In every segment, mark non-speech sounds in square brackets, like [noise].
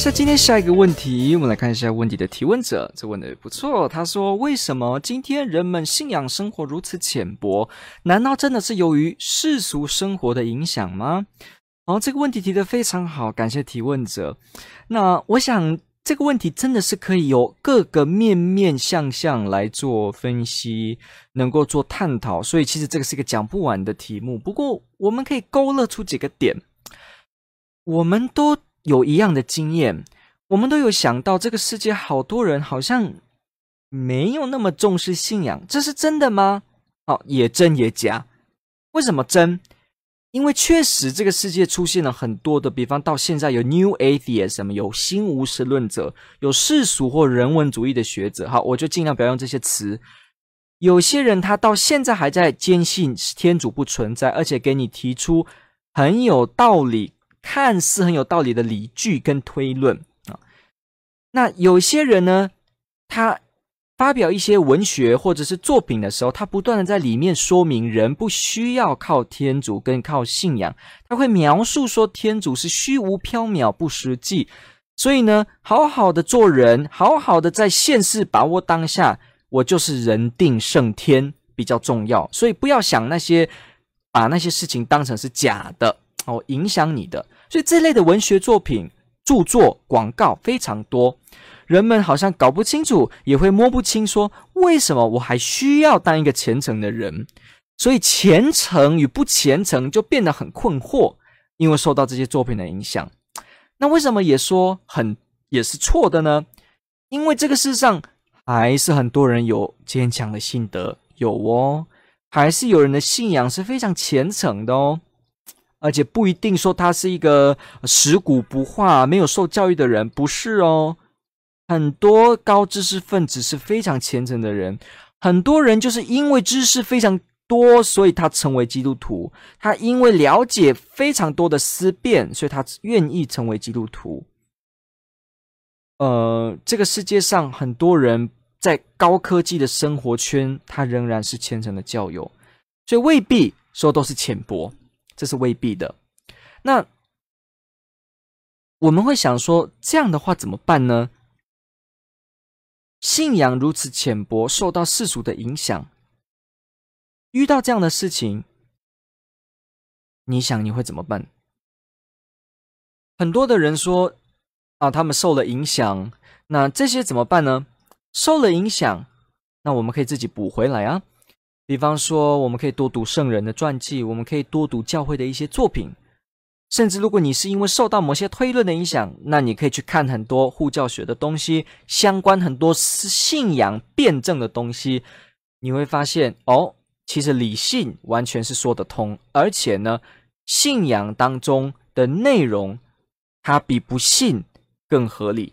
下今天下一個問題，我們來看一下問題的提問者，這問得也不錯。他說：“為什麼今天人們信仰生活如此淺薄？難道真的是由於世俗生活的影響嗎？”哦，這個問題提得非常好，感謝提問者。那我想這個問題真的是可以由各個面面相向來做分析，能夠做探討。所以其實這個是一個講不完的題目，不過我們可以勾勒出幾個點，我們都有一樣的經驗，我們都有想到這個世界好多人好像沒有那麼重視信仰，這是真的嗎？好、哦，也真也假。為什麼真？因為確實這個世界出現了很多的，比方到現在有 New Atheism 有新無神論者，有世俗或人文主義的學者。好，我就盡量不要用這些詞。有些人他到現在還在堅信天主不存在，而且給你提出很有道理。看似很有道理的理據跟推論啊，那有些人呢，他發表一些文學或者是作品的時候，他不斷的在裡面說明人不需要靠天主跟靠信仰，他會描述說天主是虛無縹緲不實際，所以呢，好好的做人，好好的在現世把握當下，我就是人定勝天比較重要，所以不要想那些，把那些事情當成是假的。哦，影響你的，所以這類的文學作品、著作、廣告非常多，人們好像搞不清楚，也會摸不清，說為什麼我還需要當一個虔誠的人？所以虔誠與不虔誠就變得很困惑，因為受到這些作品的影響。那為什麼也說很也是錯的呢？因為這個世上還是很多人有堅強的信德，有哦，還是有人的信仰是非常虔誠的哦。而且不一定說他是一個食古不化、沒有受教育的人，不是哦。很多高知識分子是非常虔誠的人，很多人就是因為知識非常多，所以他成為基督徒。他因為了解非常多的思辨，所以他願意成為基督徒。呃，這個世界上很多人在高科技的生活圈，他仍然是虔誠的教友，所以未必說都是淺薄。這是未必的。那我們會想說，這樣的話怎麼辦呢？信仰如此淺薄，受到世俗的影響。遇到這樣的事情，你想你會怎麼辦？很多的人說啊，他們受了影響，那這些怎麼辦呢？受了影響，那我們可以自己補回來啊。比方說，我們可以多讀聖人的傳記，我們可以多讀教會的一些作品，甚至如果你是因為受到某些推論的影響，那你可以去看很多護教學的東西，相關很多是信仰辯證的東西，你會發現哦，其實理性完全是說得通，而且呢，信仰當中的內容它比不信更合理。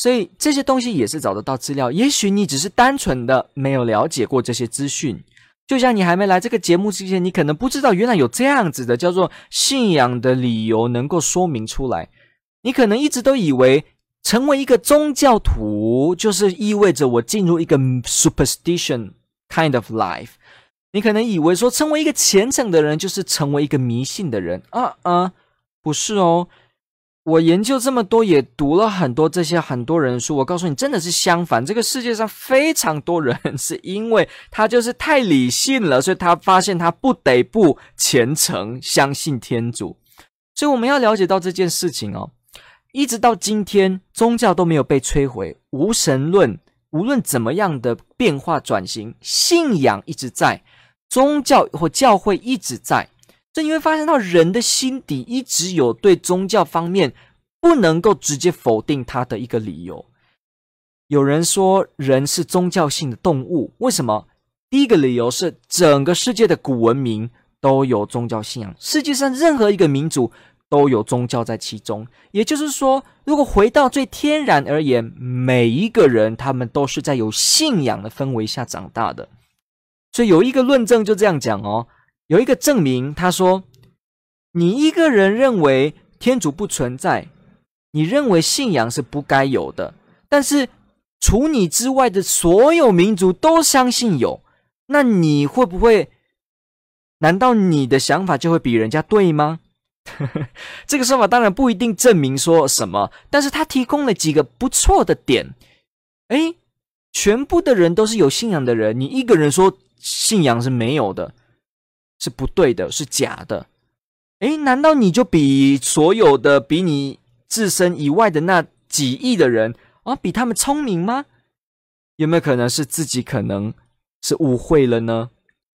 所以這些東西也是找得到資料，也許你只是單純的沒有了解過這些資訊，就像你還沒來這個節目之前，你可能不知道原來有這樣子的叫做信仰的理由能夠說明出來。你可能一直都以為成為一個宗教徒就是意味着我進入一個 superstition kind of life，你可能以為說成為一個虔誠的人就是成為一個迷信的人。啊啊，不是哦。我研究這麼多，也讀了很多這些很多人的書。我告訴你，真的是相反，這個世界上非常多人是因為他就是太理性了，所以他發現他不得不虔誠相信天主。所以我們要了解到這件事情哦，一直到今天，宗教都沒有被摧毀，無神論，無論怎麼樣的變化轉型，信仰一直在，宗教或教會一直在。這你會發現到人的心底，一直有對宗教方面不能夠直接否定他的一個理由。有人說，人是宗教性的動物。為什麼？第一個理由是，整個世界的古文明都有宗教信仰，世界上任何一個民族都有宗教在其中。也就是說，如果回到最天然而言，每一個人他們都是在有信仰的氛圍下長大的。所以有一個論證，就這樣講哦。有一個證明，他說：“你一個人認為天主不存在，你認為信仰是不該有的，但是除你之外的所有民族都相信有，那你會不會？難道你的想法就會比人家對嗎？”呵呵，這個說法當然不一定證明說什麼，但是他提供了幾個不錯的點。哎，全部的人都是有信仰的人，你一個人說信仰是沒有的。是不對的，是假的。誒，難道你就比所有的比你自身以外的那幾億的人啊，比他們聰明嗎？有沒有可能是自己可能是誤會了呢？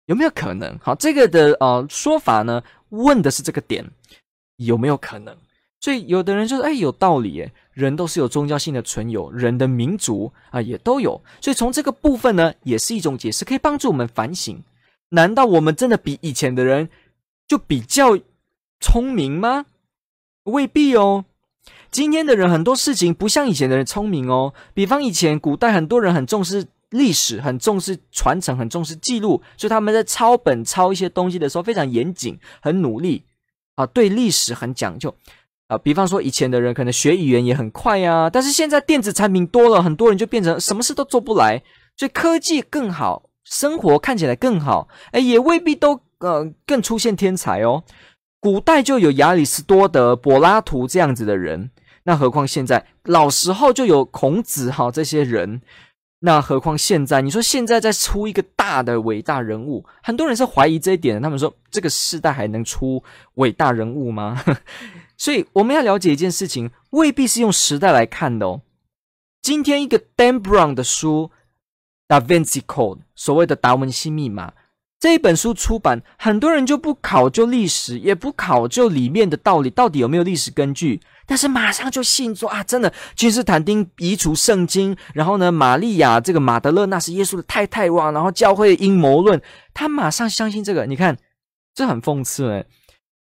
有沒有可能？好，這個的啊、呃、說法呢，問的是這個點有沒有可能？所以有的人就說，誒、哎，有道理耶。人都是有宗教性的存有，人的民族啊也都有，所以從這個部分呢，也是一種解釋，可以幫助我們反省。難道我們真的比以前的人就比較聰明嗎？未必哦。今天的人很多事情不像以前的人聰明哦。比方以前古代很多人很重視歷史，很重視傳承，很重視記錄，所以他們在抄本抄一些東西的時候非常嚴謹，很努力啊，對歷史很講究啊。比方說以前的人可能學語言也很快呀、啊，但是現在電子產品多了，很多人就變成什麼事都做不來，所以科技更好。生活看起來更好，哎，也未必都呃更出現天才哦。古代就有亞里士多德、柏拉圖這樣子的人，那何況現在，老時候就有孔子哈、哦、這些人，那何況現在，你說現在再出一個大的偉大人物，很多人是懷疑這一點的。他們說這個時代還能出偉大人物嗎？ [laughs] 所以我們要了解一件事情，未必是用時代來看的哦。今天一個 Dan Brown 的書。Da Vinci Code 所謂的達文西密碼這一本書出版，很多人就不考究歷史，也不考究裡面的道理到底有沒有歷史根據，但是馬上就信說啊，真的，君士坦丁移除聖經，然後呢，瑪利亞這個馬德勒納是耶穌的太太哇，然後教會陰謀論，他馬上相信這個，你看這很諷刺誒、欸。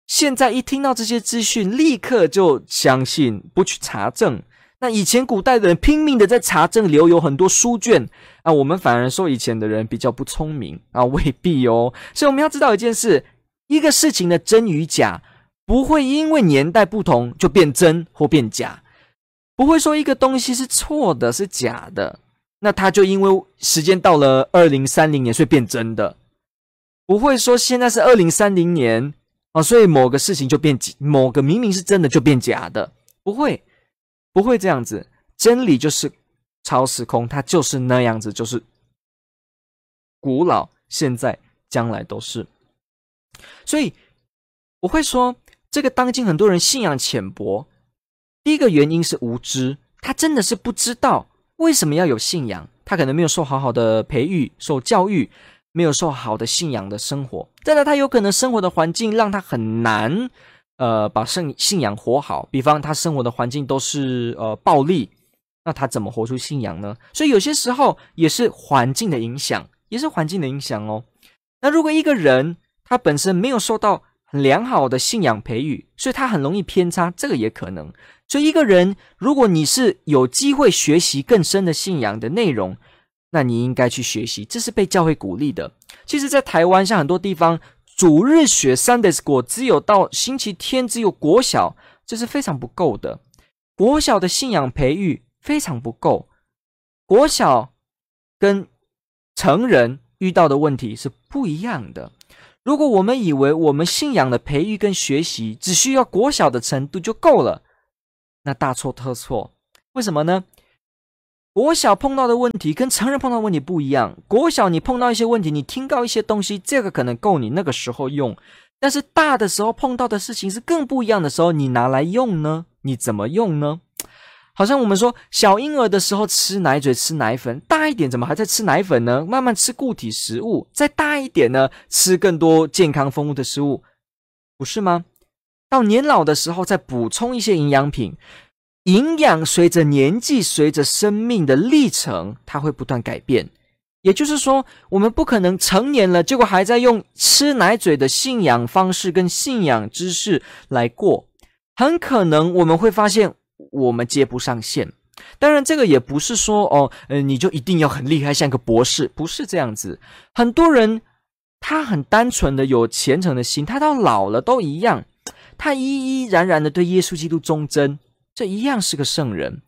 現在一聽到這些資訊，立刻就相信，不去查證。那以前古代的人拼命的在查證，留有很多書卷啊。我們反而說以前的人比較不聰明啊，未必哦。所以我們要知道一件事：一個事情的真與假，不會因為年代不同就變真或變假。不會說一個東西是錯的、是假的，那它就因為時間到了二零三零年，所以變真的。不會說現在是二零三零年啊，所以某個事情就變假，某個明明是真的就變假的，不會。不會這樣子，真理就是超時空，它就是那樣子，就是古老、現在、將來都是。所以我會說，這個當今很多人信仰淺薄，第一個原因是無知，他真的是不知道為什麼要有信仰，他可能沒有受好好的培育、受教育，沒有受好的信仰的生活。再來，他有可能生活的環境讓他很難。呃，把信信仰活好，比方他生活的環境都是呃暴力，那他怎麼活出信仰呢？所以有些時候也是環境的影響，也是環境的影響哦。那如果一個人他本身沒有受到很良好的信仰培育，所以他很容易偏差，這個也可能。所以一個人，如果你是有機會學習更深的信仰的內容，那你應該去學習，這是被教會鼓勵的。其實，在台灣像很多地方。主日學 （Sunday School） 只有到星期天，只有國小，這是非常不夠的。國小的信仰培育非常不夠，國小跟成人遇到的問題是不一樣的。如果我們以為我們信仰的培育跟學習只需要國小的程度就夠了，那大錯特錯。為什麼呢？國小碰到的問題跟成人碰到的問題不一樣。國小你碰到一些問題，你聽到一些東西，這個可能夠你那個時候用。但是大的時候碰到的事情是更不一樣的時候，你拿來用呢？你怎麼用呢？好像我們說小嬰兒的時候吃奶嘴、吃奶粉，大一點怎麼還在吃奶粉呢？慢慢吃固體食物，再大一點呢，吃更多健康豐富的食物，不是嗎？到年老的時候再補充一些營養品。營養隨着年紀、隨着生命的歷程，它會不斷改變。也就是說，我們不可能成年了，結果還在用吃奶嘴的信仰方式跟信仰知識來過。很可能我們會發現，我們接不上線。當然，這個也不是說哦，呃，你就一定要很厲害，像個博士，不是這樣子。很多人他很單純的有虔誠的心，他到老了都一樣，他依依然然的對耶穌基督忠貞。這一樣是個聖人，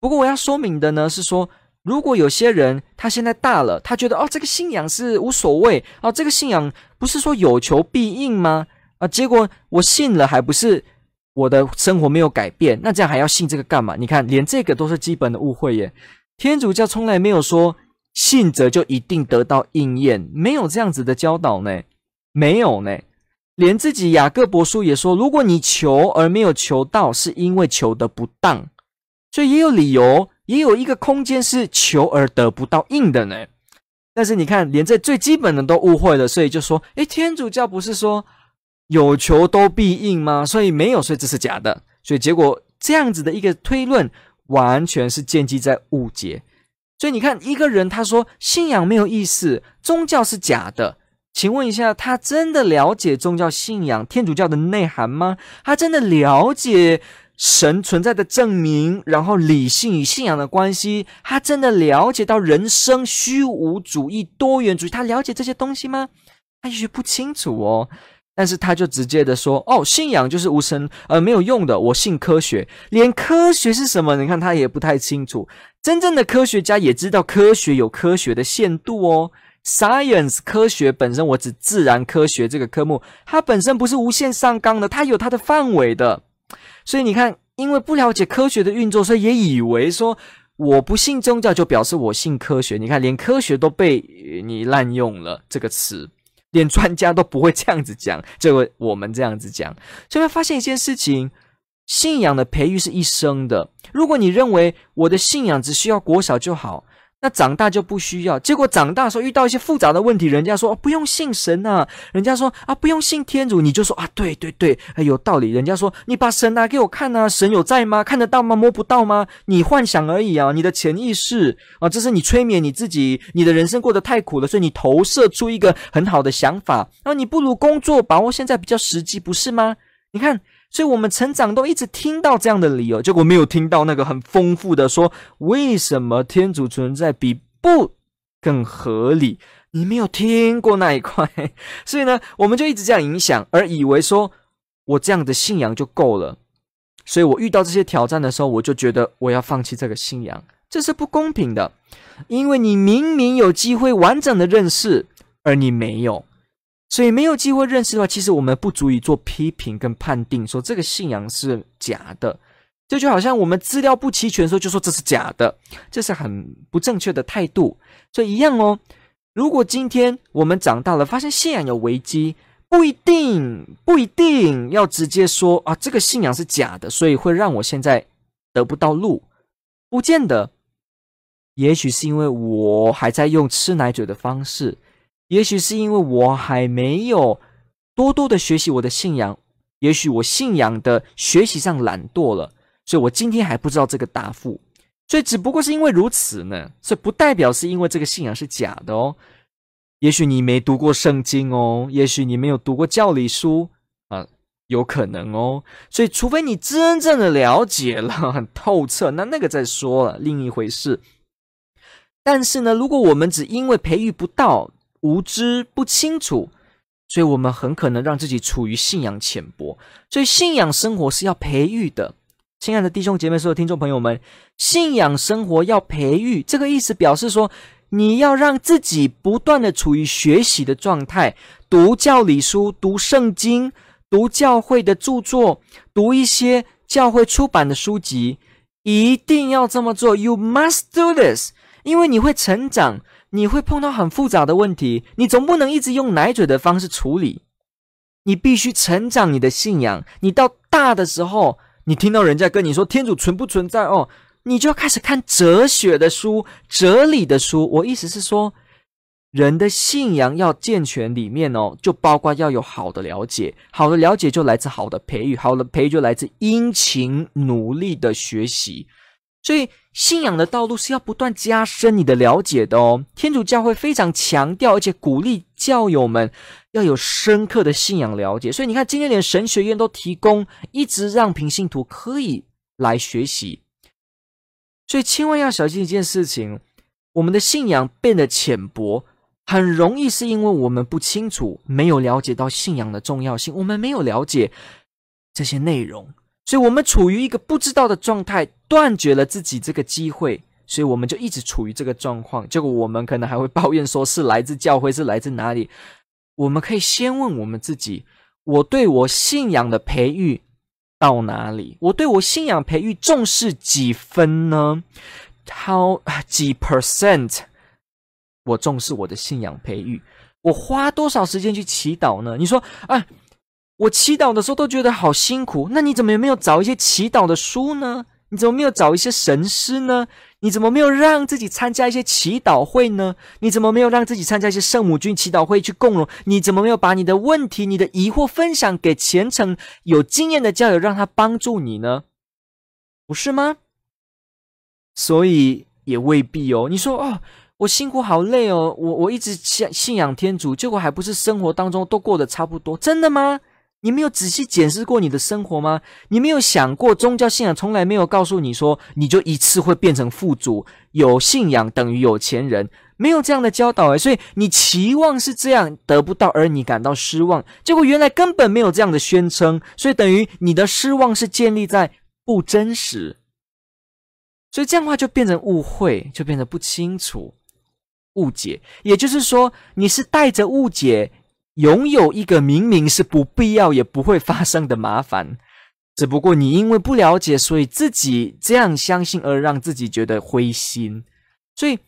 不過我要說明的呢是說，如果有些人他現在大了，他覺得哦，這個信仰是無所謂，哦，這個信仰不是說有求必應嗎？啊，結果我信了，還不是我的生活沒有改變。那這樣還要信這個幹嘛？你看，連這個都是基本的誤會耶。天主教從來沒有說信者就一定得到應驗，沒有這樣子的教導呢，沒有呢。連自己雅各伯書也說，如果你求而沒有求到，是因為求的不當，所以也有理由，也有一個空間是求而得不到應的呢。但是你看，連這最基本的都誤會了，所以就說：哎，天主教不是說有求都必應嗎？所以沒有，所以這是假的。所以結果這樣子的一個推論，完全是建基在誤解。所以你看，一個人他說信仰沒有意思，宗教是假的。請問一下，他真的了解宗教信仰、天主教的內涵嗎？他真的了解神存在的證明，然後理性與信仰的關係？他真的了解到人生虛無主義、多元主義？他了解這些東西嗎？他也許不清楚哦。但是他就直接的說：“哦，信仰就是無神，呃，沒有用的。我信科學，連科學是什麼？你看他也不太清楚。真正的科學家也知道科學有科學的限度哦。” Science 科學本身，我指自然科學這個科目，它本身不是無限上綱的，它有它的範圍的。所以你看，因為不了解科學的運作，所以也以為說我不信宗教就表示我信科學。你看，連科學都被你濫用了這個詞，連專家都不會這樣子講，這個我們這樣子講，就會發現一件事情：信仰的培育是一生的。如果你認為我的信仰只需要國小就好。那長大就不需要，結果長大的時候遇到一些複雜的問題，人家說哦不用信神吶、啊，人家說啊不用信天主，你就說啊對對對，有道理。人家說你把神拿、啊、給我看吶、啊，神有在嗎？看得到嗎？摸不到嗎？你幻想而已啊，你的潛意識啊，這是你催眠你自己，你的人生過得太苦了，所以你投射出一個很好的想法。後、啊、你不如工作，把握現在比較實際，不是嗎？你看。所以我們成長都一直聽到這樣的理由，結果沒有聽到那個很豐富的說為什麼天主存在比不更合理？你沒有聽過那一塊， [laughs] 所以呢，我們就一直這樣影響，而以為說我這樣的信仰就夠了。所以我遇到這些挑戰的時候，我就覺得我要放棄這個信仰，這是不公平的，因為你明明有機會完整的認識，而你沒有。所以沒有機會認識的話，其實我們不足以做批評跟判定，說這個信仰是假的。這就,就好像我們資料不齊全的時候，就說這是假的，這是很不正確的態度。所以一樣哦，如果今天我們長大了，發現信仰有危機，不一定不一定要直接說啊，這個信仰是假的，所以會讓我現在得不到路，不見得。也許是因為我還在用吃奶嘴的方式。也許是因為我還沒有多多的學習我的信仰，也許我信仰的學習上懶惰了，所以我今天還不知道這個答覆。所以只不過是因為如此呢，所以不代表是因為這個信仰是假的哦。也許你沒讀過聖經哦，也許你沒有讀過教理書啊，有可能哦。所以除非你真正的了解了很透徹，那那個再說了另一回事。但是呢，如果我們只因為培育不到，無知不清楚，所以我們很可能讓自己處於信仰淺薄。所以信仰生活是要培育的，親愛的弟兄姐妹，所有聽眾朋友們，信仰生活要培育這個意思，表示說你要讓自己不斷地處於學習的狀態，讀教理書，讀聖經，讀教會的著作，讀一些教會出版的書籍，一定要這麼做，You must do this，因為你會成長。你會碰到很複雜的問題，你總不能一直用奶嘴的方式處理，你必須成長你的信仰。你到大的時候，你聽到人家跟你說天主存不存在哦，你就要開始看哲學的書、哲理的書。我意思是說，人的信仰要健全，裡面哦就包括要有好的了解，好的了解就來自好的培育，好的培育就來自殷勤努力的學習。所以，信仰的道路是要不斷加深你的了解的哦。天主教會非常強調，而且鼓勵教友們要有深刻的信仰了解。所以，你看，今天連神學院都提供，一直讓平信徒可以來學習。所以，千萬要小心一件事情，我們的信仰變得淺薄，很容易是因為我們不清楚，沒有了解到信仰的重要性，我們沒有了解這些內容。所以，我們處於一個不知道的狀態，斷絕了自己這個機會，所以我們就一直處於這個狀況。結果，我們可能還會抱怨，說是來自教會，是來自哪裡？我們可以先問我們自己：我對我信仰的培育到哪裡？我對我信仰培育重視幾分呢？How 幾 percent 我重視我的信仰培育？我花多少時間去祈禱呢？你說，啊。我祈禱的時候都覺得好辛苦，那你怎麼也沒有找一些祈禱的書呢？你怎麼沒有找一些神師呢？你怎麼沒有讓自己參加一些祈禱會呢？你怎麼沒有讓自己參加一些聖母軍祈禱會去共融？你怎麼沒有把你的問題、你的疑惑分享給虔誠有經驗的教友，讓他幫助你呢？不是嗎？所以也未必哦。你說哦，我辛苦好累哦，我我一直信信仰天主，結果還不是生活當中都過得差不多，真的嗎？你沒有仔細檢視過你的生活嗎？你沒有想過，宗教信仰從來沒有告訴你說，你就一次會變成富足，有信仰等於有錢人，沒有這樣的教導哎，所以你期望是這樣得不到，而你感到失望，結果原來根本沒有這樣的宣稱，所以等於你的失望是建立在不真實，所以這樣的話就變成誤會，就變成不清楚，誤解，也就是說，你是帶着誤解。擁有一個明明是不必要也不會發生的麻煩，只不過你因為不了解，所以自己這樣相信而讓自己覺得灰心，所以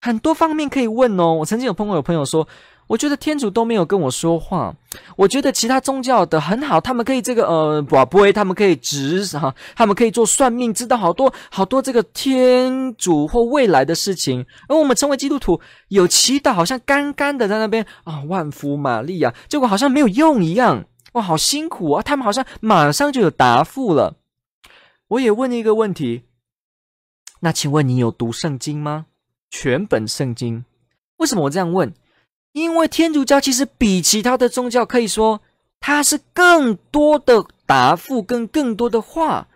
很多方面可以問哦。我曾經有碰過有朋友說。我覺得天主都沒有跟我說話。我覺得其他宗教的很好，他們可以這個呃，不不會，他們可以知哈、啊，他們可以做算命，知道好多好多這個天主或未來的事情。而我們成為基督徒，有祈禱，好像乾干的在那邊啊，萬福瑪利亞，結果好像沒有用一樣。哇，好辛苦啊！他們好像馬上就有答覆了。我也問一個問題，那請問你有讀聖經嗎？全本聖經？為什麼我這樣問？因為天主教其實比其他的宗教，可以說它是更多的答復跟更多的話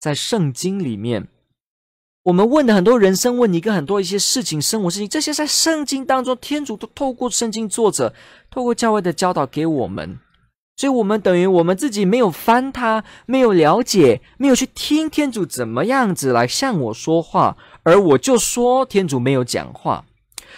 在聖經裡面。我們問的很多人生問題跟很多一些事情、生活事情，這些在聖經當中，天主都透過聖經作者、透過教會的教導給我們。所以，我們等於我們自己沒有翻它，沒有了解，沒有去聽天主怎麼樣子來向我說話，而我就說天主沒有講話。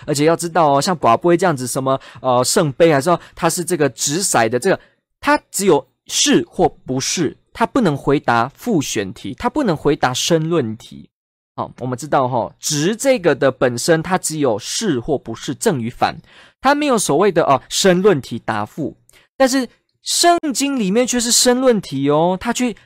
而且要知道哦，像《寶杯》這樣子，什麼呃聖杯還是說它是這個擲骰的，這個它只有是或不是，它不能回答複選題，它不能回答申論題。好、啊，我們知道哈、哦，擲這個的本身它只有是或不是，正與反，它沒有所謂的哦、啊、申論題答復。但是聖經裡面卻是申論題哦，他去。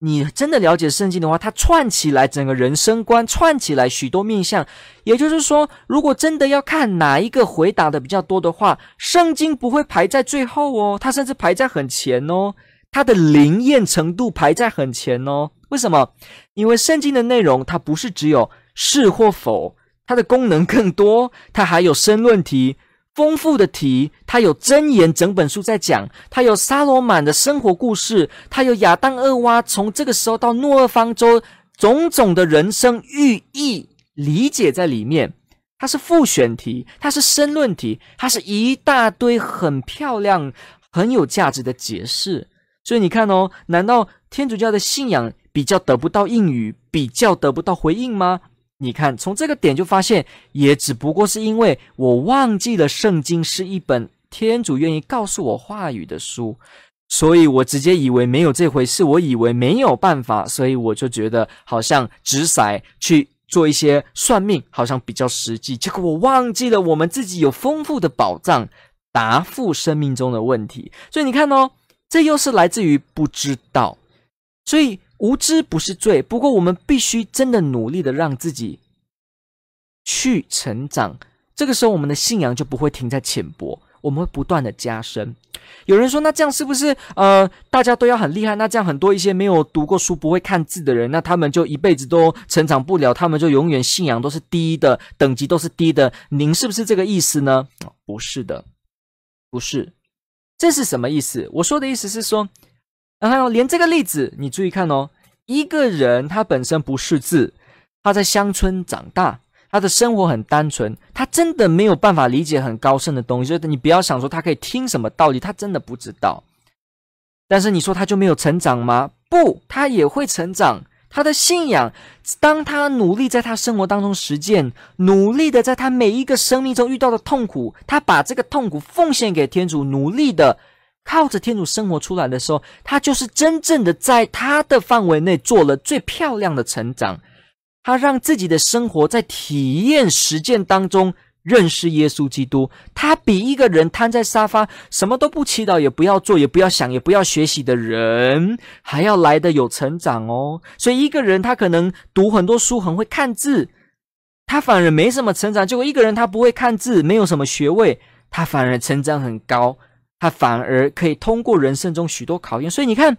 你真的了解聖經的話，它串起來整個人生觀，串起來許多面向。也就是說，如果真的要看哪一個回答的比較多的話，聖經不會排在最後哦，它甚至排在很前哦。它的靈驗程度排在很前哦。為什麼？因為聖經的內容它不是只有是或否，它的功能更多，它還有申論題。豐富的題，它有箴言，整本書在講；它有撒羅滿的生活故事，它有亞當、厄娃從這個時候到諾厄方舟種種的人生寓意理解在裡面。它是複選題，它是申論題，它是一大堆很漂亮、很有價值的解釋。所以你看哦，難道天主教的信仰比較得不到應允，比較得不到回應嗎？你看，從這個點就發現，也只不過是因為我忘記了聖經是一本天主願意告訴我話語的書，所以我直接以為沒有這回事，我以為沒有辦法，所以我就覺得好像擲骰去做一些算命，好像比較實際。結果我忘記了我們自己有豐富的寶藏，答覆生命中的問題。所以你看哦，這又是來自於不知道，所以。無知不是罪，不過我們必須真的努力的讓自己去成長。這個時候，我們的信仰就不會停在淺薄，我們會不斷的加深。有人說：“那這樣是不是呃，大家都要很厲害？那這樣很多一些沒有讀過書、不會看字的人，那他們就一輩子都成長不了，他們就永遠信仰都是低的，等級都是低的。”您是不是這個意思呢？不是的，不是。這是什麼意思？我說的意思是說。然後連這個例子，你注意看哦，一個人他本身不識字，他在鄉村長大，他的生活很單純，他真的沒有辦法理解很高深的東西。所以你不要想說他可以聽什麼道理，他真的不知道。但是你說他就沒有成長嗎？不，他也會成長。他的信仰，當他努力在他生活當中實踐，努力的在他每一個生命中遇到的痛苦，他把這個痛苦奉獻給天主，努力的。靠着天主生活出來的時候，他就是真正的在他的範圍內做了最漂亮的成長。他讓自己的生活在體驗實踐當中認識耶穌基督。他比一個人癱在沙發什麼都不祈禱也不要做也不要想也不要學習的人還要來得有成長哦。所以一個人他可能讀很多書很會看字，他反而沒什麼成長；結果一個人他不會看字，沒有什麼學位，他反而成長很高。他反而可以通過人生中許多考驗，所以你看，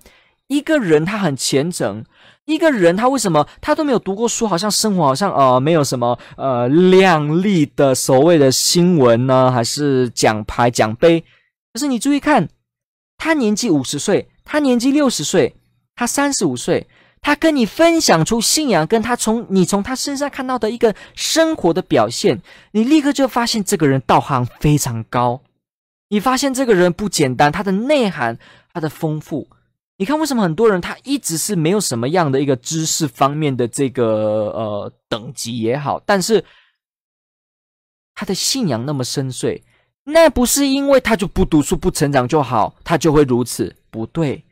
一個人他很虔誠，一個人他為什麼他都沒有讀過書，好像生活好像呃沒有什麼呃亮麗的所謂的新聞呢，還是獎牌獎杯？可是你注意看，他年紀五十歲，他年紀六十歲，他三十五歲，他跟你分享出信仰，跟他從你從他身上看到的一個生活的表現，你立刻就發現這個人道行非常高。你發現這個人不簡單，他的內涵，他的豐富。你看，為什麼很多人他一直是沒有什麼樣的一個知識方面的這個呃等級也好，但是他的信仰那麼深邃，那不是因為他就不讀書不成長就好，他就會如此？不對，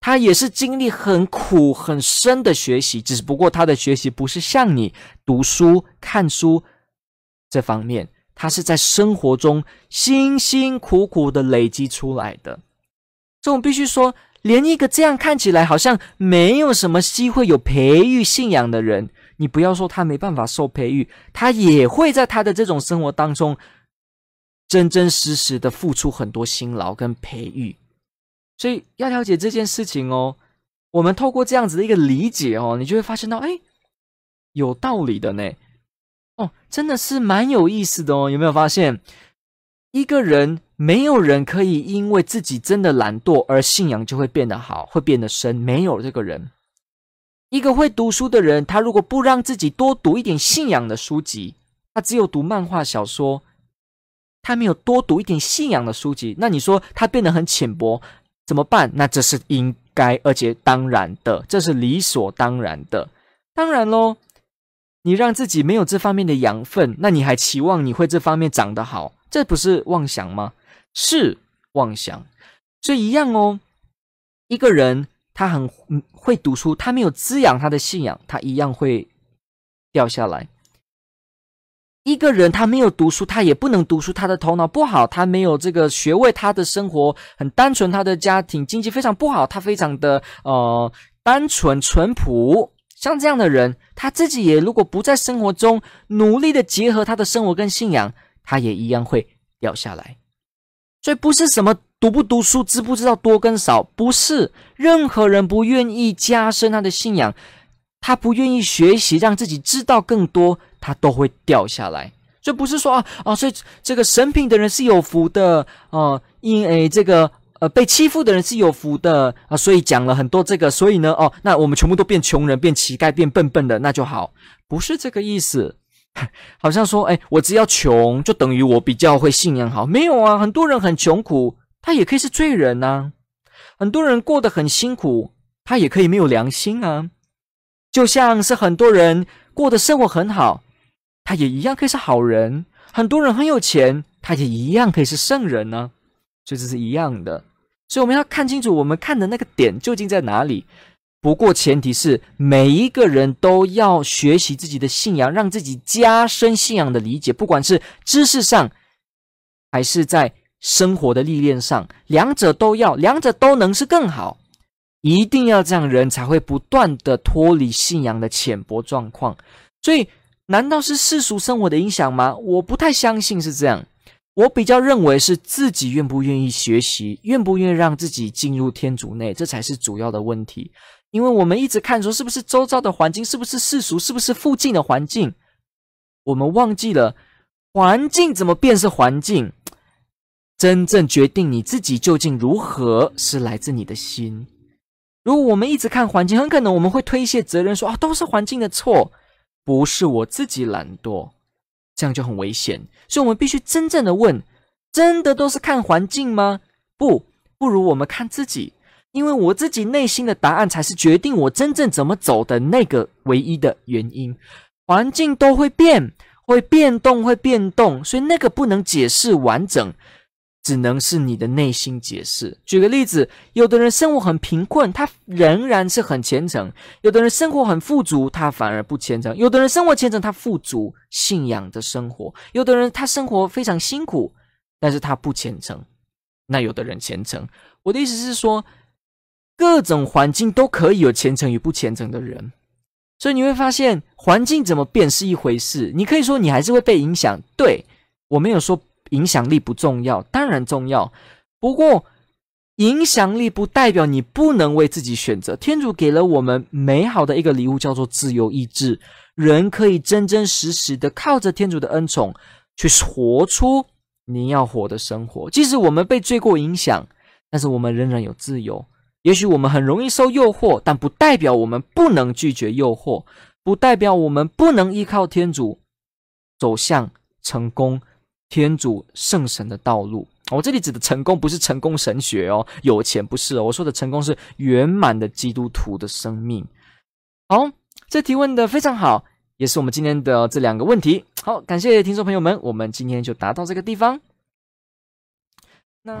他也是經歷很苦很深的學習，只不過他的學習不是像你讀書看書這方面。他是在生活中辛辛苦苦的累積出來的，所以我們必須說，連一個這樣看起來好像沒有什麼機會有培育信仰的人，你不要說他沒辦法受培育，他也會在他的這種生活當中，真真實實的付出很多辛勞跟培育。所以要了解這件事情哦，我們透過這樣子的一個理解哦，你就會發現到，哎，有道理的呢。哦，真的是蠻有意思的哦，有沒有發現？一個人沒有人可以因為自己真的懶惰而信仰就會變得好，會變得深。沒有這個人，一個會讀書的人，他如果不讓自己多讀一點信仰的書籍，他只有讀漫畫小說，他沒有多讀一點信仰的書籍，那你說他變得很淺薄怎麼辦？那這是應該而且當然的，這是理所當然的，當然嘍。你讓自己沒有這方面的養分，那你還期望你會這方面長得好，這不是妄想嗎？是妄想。所以一樣哦，一個人他很會讀書，他沒有滋養他的信仰，他一樣會掉下來。一個人他沒有讀書，他也不能讀書，他的頭腦不好，他沒有這個學位，他的生活很單純，他的家庭經濟非常不好，他非常的呃單純淳樸。像這樣的人，他自己也如果不在生活中努力的結合他的生活跟信仰，他也一樣會掉下來。所以不是什麼讀不讀書、知不知道多跟少，不是任何人不願意加深他的信仰，他不願意學習，讓自己知道更多，他都會掉下來。所以不是說啊啊，所以這個神品的人是有福的，呃，因為這個。呃，被欺負的人是有福的啊、呃，所以講了很多這個，所以呢，哦，那我們全部都變窮人，變乞丐，變笨笨的，那就好，不是這個意思。 [laughs] 好像說，哎，我只要窮，就等於我比較會信仰好，沒有啊，很多人很窮苦，他也可以是罪人吶、啊，很多人過得很辛苦，他也可以沒有良心啊。就像是很多人過的生活很好，他也一樣可以是好人。很多人很有錢，他也一樣可以是聖人呢、啊。所以這是一樣的。所以我們要看清楚，我們看的那個點究竟在哪裡？不過前提是每一個人都要學習自己的信仰，讓自己加深信仰的理解，不管是知識上，還是在生活的歷練上，兩者都要，兩者都能是更好。一定要這樣，人才會不斷的脫離信仰的淺薄狀況。所以，難道是世俗生活的影響嗎？我不太相信是這樣。我比較認為是自己願不願意學習，願不願意讓自己進入天主內，這才是主要的問題。因為我們一直看說是不是周遭的環境，是不是世俗，是不是附近的環境，我們忘記了環境怎麼變是環境，真正決定你自己究竟如何是來自你的心。如果我們一直看環境，很可能我們會推卸責任說，說、哦、啊都是環境的錯，不是我自己懶惰。這樣就很危險，所以我們必須真正的問，真的都是看環境嗎？不，不如我們看自己，因為我自己內心的答案才是決定我真正怎麼走的那個唯一的原因。環境都會變，會變動，會變動，所以那個不能解釋完整。只能是你的內心解釋。舉個例子，有的人生活很貧困，他仍然是很虔誠；有的人生活很富足，他反而不虔誠；有的人生活虔誠，他富足、信仰的生活；有的人他生活非常辛苦，但是他不虔誠。那有的人虔誠，我的意思是說，各種環境都可以有虔誠與不虔誠的人。所以你會發現，環境怎麼變是一回事，你可以說你還是會被影響。對，我沒有說。影響力不重要，當然重要。不過，影響力不代表你不能為自己選擇。天主給了我們美好的一個禮物，叫做自由意志。人可以真真實實的靠着天主的恩寵，去活出你要活的生活。即使我們被罪過影響，但是我們仍然有自由。也許我們很容易受誘惑，但不代表我們不能拒絕誘惑，不代表我們不能依靠天主走向成功。天主聖神的道路，我、哦、這裡指的成功不是成功神學哦，有錢不是哦，我說的成功是圓滿的基督徒的生命。好，這提問得非常好，也是我們今天的這兩個問題。好，感謝聽眾朋友們，我們今天就答到這個地方。那。